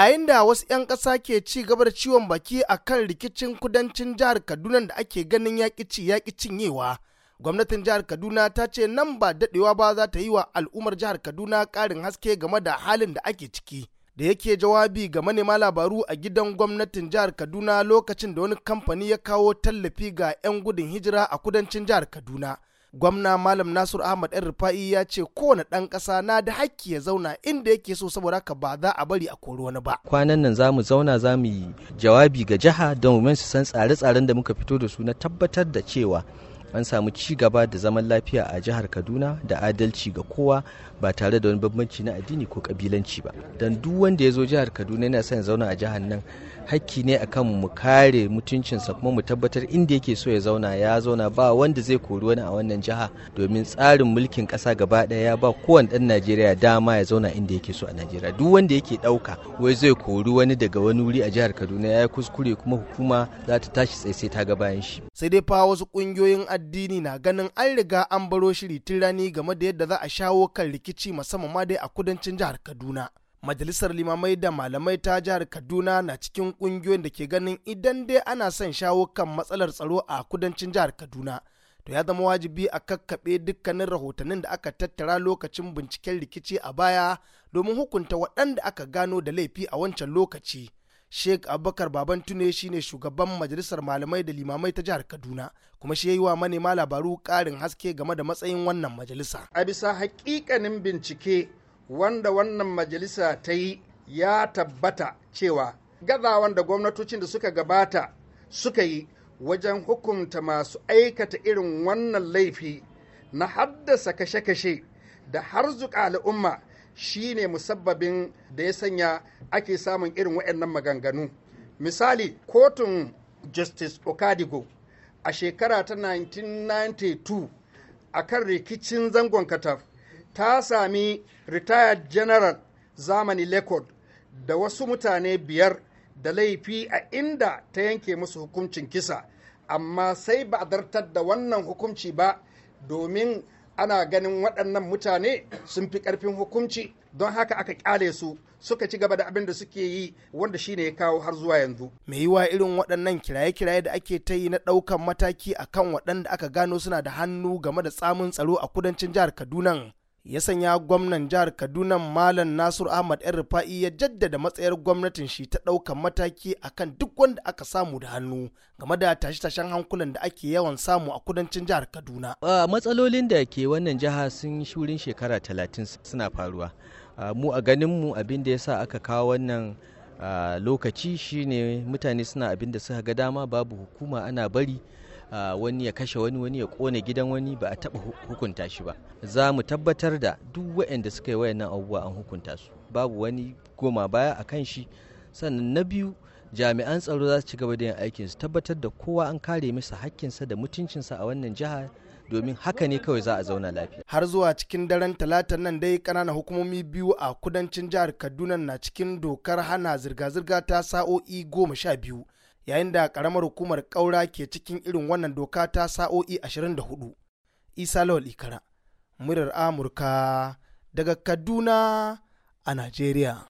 a da wasu 'yan ƙasa ke ci gaba da ciwon baki a kan rikicin kudancin jihar kaduna da ake ganin yaƙi ci yaƙi cinyewa gwamnatin jihar kaduna ta ce nan ba daɗewa ba za ta yi wa al'ummar jihar kaduna ƙarin haske game da halin da ake ciki da yake jawabi ga manema labaru a gidan gwamnatin jihar kaduna lokacin da wani kamfani ya kawo tallafi ga 'yan gudun hijira a kudancin jihar kaduna gwamna malam nasur ahmad yan rufa'i ya ce kowane ɗan ƙasa na da hakki ya zauna inda yake so saboda haka ba za a bari a kori wani ba kwanan nan zamu zauna za mu yi jawabi ga jiha don su san tsare-tsaren da muka fito da su na tabbatar da cewa an samu ci gaba da zaman lafiya a jihar kaduna da adalci ga kowa ba tare da wani bambanci na addini ko kabilanci ba don duk wanda ya zo jihar kaduna yana son zauna a jihar nan hakki ne akan mu kare mutuncinsa kuma mu tabbatar inda yake so ya zauna ya zauna ba wanda zai kori wani a wannan jiha domin tsarin mulkin kasa gaba daya ya ba kowane dan najeriya dama ya zauna inda yake so a najeriya duk wanda yake dauka wai zai kori wani daga wani wuri a jihar kaduna ya kuskure kuma hukuma za ta tashi tsaye sai ta ga bayan shi sai dai fa wasu kungiyoyin addini na ganin an riga an baro shiri tun rani game da yadda za a shawo kan rikici musamman ma dai a kudancin jihar kaduna majalisar limamai da malamai ta jihar kaduna na cikin ƙungiyoyin da ke ganin idan dai ana son shawo kan matsalar tsaro a kudancin jihar kaduna to ya zama wajibi a kakkaɓe dukkanin rahotannin da aka tattara lokacin binciken rikici a baya domin hukunta waɗanda aka gano da laifi a wancan lokaci sheikh abubakar baban tune shine shugaban majalisar malamai da limamai ta jihar kaduna kuma shi yi wa manema labaru karin haske game da matsayin wannan majalisa a bisa hakikanin bincike wanda wannan majalisa ta yi ya tabbata cewa gazawan da gwamnatocin da suka gabata suka yi wajen hukunta masu aikata irin wannan laifi na haddasa kashe-kashe da harzuka al'umma shine musabbabin da ya sanya ake samun irin waɗannan maganganu misali kotun justice okadigo a shekara ta 1992 a kan rikicin zangon kataf ta sami retired general zamani lekod da wasu mutane biyar da laifi a inda ta yanke musu hukuncin kisa amma sai ba a dartar da wannan hukunci ba domin ana ganin waɗannan mutane sun fi ƙarfin hukunci don haka aka ƙyale su suka ci gaba da abin da suke yi wanda shine ya kawo har zuwa yanzu. Me yiwa irin waɗannan kiraye-kiraye da ake ta yi na ɗaukan mataki akan waɗanda aka gano suna da hannu game da tsamin tsaro a kudancin jihar Kaduna ya sanya gwamnan jihar kaduna malam nasur ahmad yan rufa'i ya jaddada matsayar gwamnatin shi ta ɗaukar mataki kan duk wanda aka samu da hannu game da tashe-tashen hankulan da ake yawan samu a kudancin jihar kaduna matsalolin da ke wannan jiha sun shurin shekara talatin suna faruwa mu a ganin mu abin da ya sa aka kawo wannan lokaci shine mutane suna abin da suka ga dama babu hukuma ana bari wani ya kashe wani wani ya kone gidan wani ba a taba hukunta shi ba za mu tabbatar da duk waɗanda suka yi wayannan abubuwa an hukunta su babu wani goma baya a kan shi sannan na biyu jami'an tsaro za su ci gaba da yin aikin su tabbatar da kowa an kare masa hakkinsa da mutuncinsa a wannan jiha domin haka ne kawai za a zauna lafiya. Har zuwa cikin daren talata nan dai kanana hukumomi biyu a kudancin jihar Kaduna na cikin dokar hana zirga-zirga ta sa'o'i goma sha biyu. yayin da karamar hukumar ƙaura ke cikin irin wannan doka ta sa'o'i 24 isa lawal ikara murar amurka daga kaduna a najeriya